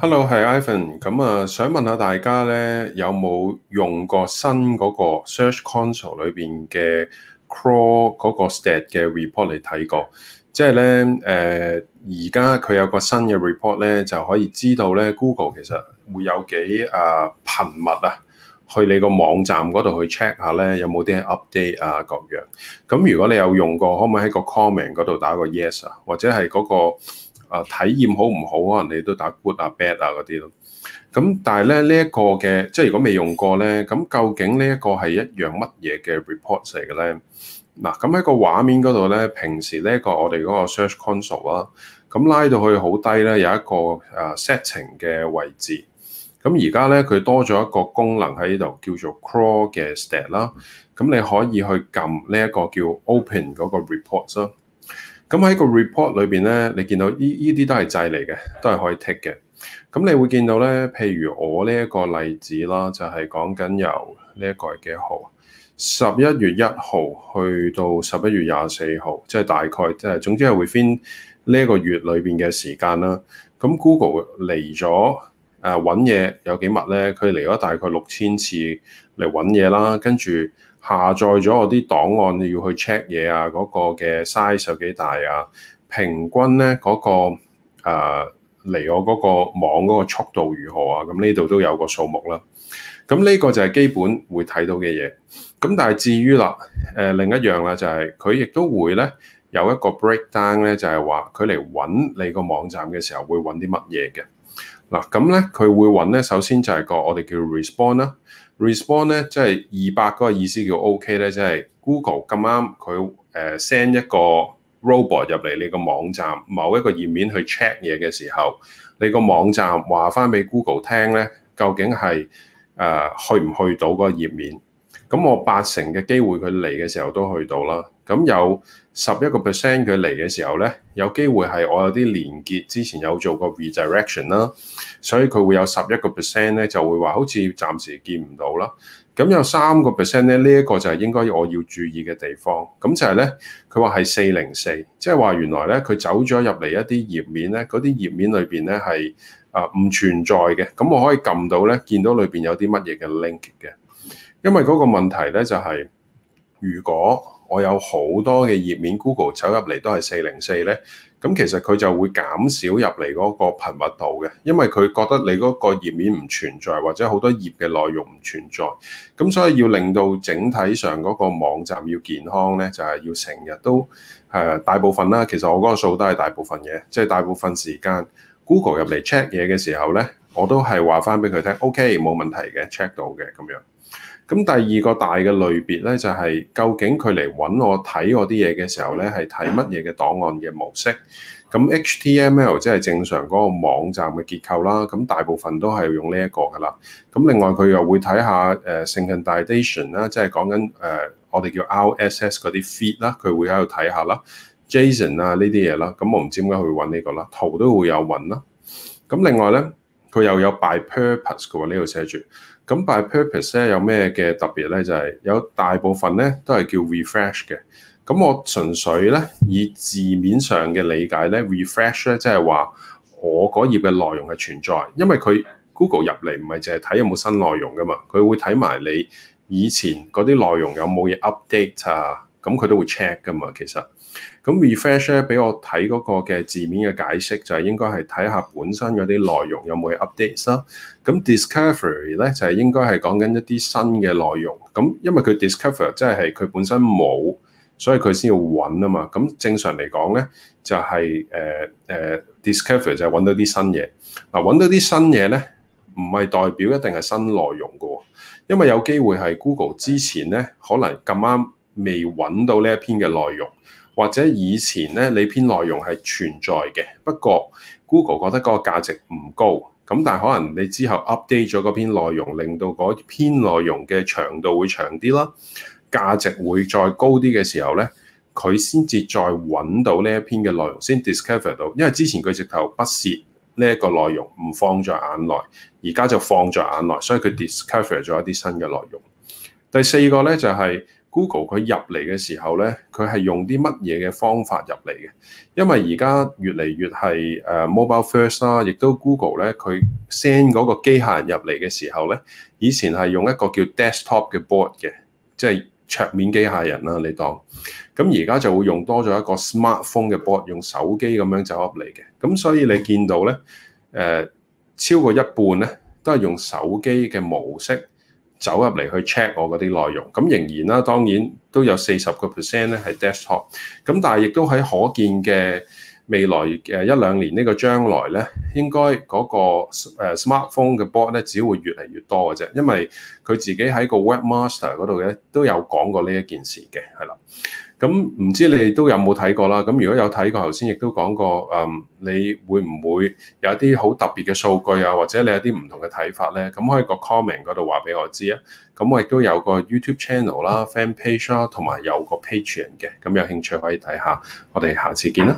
Hello，係 Ivan。咁啊，想問下大家咧，有冇用過新嗰個 Search Console 裏邊嘅 crawl 嗰個 stat 嘅 report 嚟睇過？即係咧，誒而家佢有個新嘅 report 咧，就可以知道咧 Google 其實會有幾啊頻密啊，去你個網站嗰度去 check 下咧，有冇啲 update 啊各樣。咁如果你有用過，可唔可以喺個 comment 嗰度打個 yes 啊？或者係嗰個。啊，體驗好唔好？啊？你都打 good 啊、bad 啊嗰啲咯。咁但係咧，呢、這、一個嘅，即係如果未用過咧，咁究竟呢一個係一樣乜嘢嘅 report 嚟嘅咧？嗱，咁喺個畫面嗰度咧，平時呢一個我哋嗰個 search console 啊，咁拉到去好低咧，有一個啊 setting 嘅位置。咁而家咧，佢多咗一個功能喺呢度，叫做 crawl 嘅 stat 啦。咁你可以去撳呢一個叫 open 嗰個 report 咯、啊。咁喺個 report 裏邊咧，你見到呢呢啲都係掣嚟嘅，都係可以 take 嘅。咁你會見到咧，譬如我呢一個例子啦，就係、是、講緊由呢一個係幾號？十一月一號去到十一月廿四號，即、就、係、是、大概，即、就、係、是、總之係會 within 呢一個月裏邊嘅時間啦。咁 Google 嚟咗誒揾、啊、嘢有幾密咧？佢嚟咗大概六千次嚟揾嘢啦，跟住。下載咗我啲檔案，你要去 check 嘢啊，嗰、那個嘅 size 有幾大啊？平均咧嗰、那個嚟、呃、我嗰個網嗰個速度如何啊？咁呢度都有個數目啦。咁呢個就係基本會睇到嘅嘢。咁但係至於啦，誒、呃、另一樣咧就係佢亦都會咧有一個 breakdown 咧，就係話佢嚟揾你個網站嘅時候會揾啲乜嘢嘅嗱。咁咧佢會揾咧，首先就係個我哋叫 response 啦。response 咧即係二百嗰個意思叫 O.K. 咧，即係 Google 咁啱佢誒 send 一個 robot 入嚟你個網站某一個頁面去 check 嘢嘅時候，你個網站話翻俾 Google 聽咧，究竟係誒去唔去到嗰個頁面？咁我八成嘅機會佢嚟嘅時候都去到啦。咁有十一個 percent 佢嚟嘅時候咧，有機會係我有啲連結之前有做過 redirection 啦，所以佢會有十一個 percent 咧就會話好似暫時見唔到啦。咁有三個 percent 咧，呢一個就係應該我要注意嘅地方。咁就係咧，佢話係四零四，即係話原來咧佢走咗入嚟一啲頁面咧，嗰啲頁面裏邊咧係啊唔存在嘅。咁我可以撳到咧，見到裏邊有啲乜嘢嘅 link 嘅，因為嗰個問題咧就係。如果我有好多嘅頁面 Google 走入嚟都係四零四呢，咁其實佢就會減少入嚟嗰個頻密度嘅，因為佢覺得你嗰個頁面唔存在，或者好多頁嘅內容唔存在，咁所以要令到整體上嗰個網站要健康呢，就係要成日都誒大部分啦。其實我嗰個數都係大部分嘢，即係大部分時間 Google 入嚟 check 嘢嘅時候呢，我都係話翻俾佢聽，OK 冇問題嘅，check 到嘅咁樣。咁第二個大嘅類別咧，就係、是、究竟佢嚟揾我睇我啲嘢嘅時候咧，係睇乜嘢嘅檔案嘅模式？咁 HTML 即係正常嗰個網站嘅結構啦。咁大部分都係用呢一個噶啦。咁另外佢又會睇下誒、呃、syndication 啦，即係講緊誒我哋叫 RSS 嗰啲 feed 啦，佢會喺度睇下啦，JSON 啊呢啲嘢啦。咁我唔知點解佢會揾呢個啦，圖都會有揾啦。咁另外咧。佢又有 by purpose 嘅喎，呢度寫住。咁 by purpose 咧有咩嘅特別咧？就係有大部分咧都係叫 refresh 嘅。咁我純粹咧以字面上嘅理解咧，refresh 咧即係話我嗰頁嘅內容係存在，因為佢 Google 入嚟唔係淨係睇有冇新內容噶嘛，佢會睇埋你以前嗰啲內容有冇嘢 update 啊。咁佢都會 check 噶嘛，其實咁 refresh 咧俾我睇嗰個嘅字面嘅解釋就係、是、應該係睇下本身嗰啲內容有冇 update 啦。咁 discovery 咧就係、是、應該係講緊一啲新嘅內容。咁因為佢 discover 即係佢本身冇，所以佢先要揾啊嘛。咁正常嚟講咧就係、是、誒誒、uh, uh, discover 就係揾到啲新嘢。嗱、啊、揾到啲新嘢咧唔係代表一定係新內容噶，因為有機會係 Google 之前咧可能咁啱，未揾到呢一篇嘅內容，或者以前呢，你篇內容係存在嘅，不過 Google 覺得嗰個價值唔高，咁但係可能你之後 update 咗嗰篇內容，令到嗰篇內容嘅長度會長啲啦，價值會再高啲嘅時候呢，佢先至再揾到呢一篇嘅內容，先 discover 到，因為之前佢直頭不屑呢一個內容唔放在眼內，而家就放在眼內，所以佢 discover 咗一啲新嘅內容。第四個呢，就係、是。Google 佢入嚟嘅時候咧，佢係用啲乜嘢嘅方法入嚟嘅？因為而家越嚟越係誒 mobile first 啦，亦都 Google 咧佢 send 嗰個機械人入嚟嘅時候咧，以前係用一個叫 desktop 嘅 board 嘅，即係桌面機械人啦，你當。咁而家就會用多咗一個 smartphone 嘅 board，用手機咁樣就入嚟嘅。咁所以你見到咧，誒、呃、超過一半咧都係用手機嘅模式。走入嚟去 check 我嗰啲內容，咁仍然啦、啊，當然都有四十個 percent 咧係 desktop，咁但係亦都喺可見嘅。未來嘅一兩年呢個將來呢，應該嗰個 smartphone 嘅波呢，只會越嚟越多嘅啫。因為佢自己喺個 Webmaster 嗰度呢，都有講過呢一件事嘅，係啦。咁、嗯、唔知你哋都有冇睇過啦？咁如果有睇過，頭先亦都講過。嗯，你會唔會有啲好特別嘅數據啊，或者你有啲唔同嘅睇法呢？咁可以個 comment 嗰度話俾我知啊。咁我亦都有個 YouTube channel 啦、fan page 啦，同埋有個 Patreon 嘅。咁有興趣可以睇下。我哋下次見啦。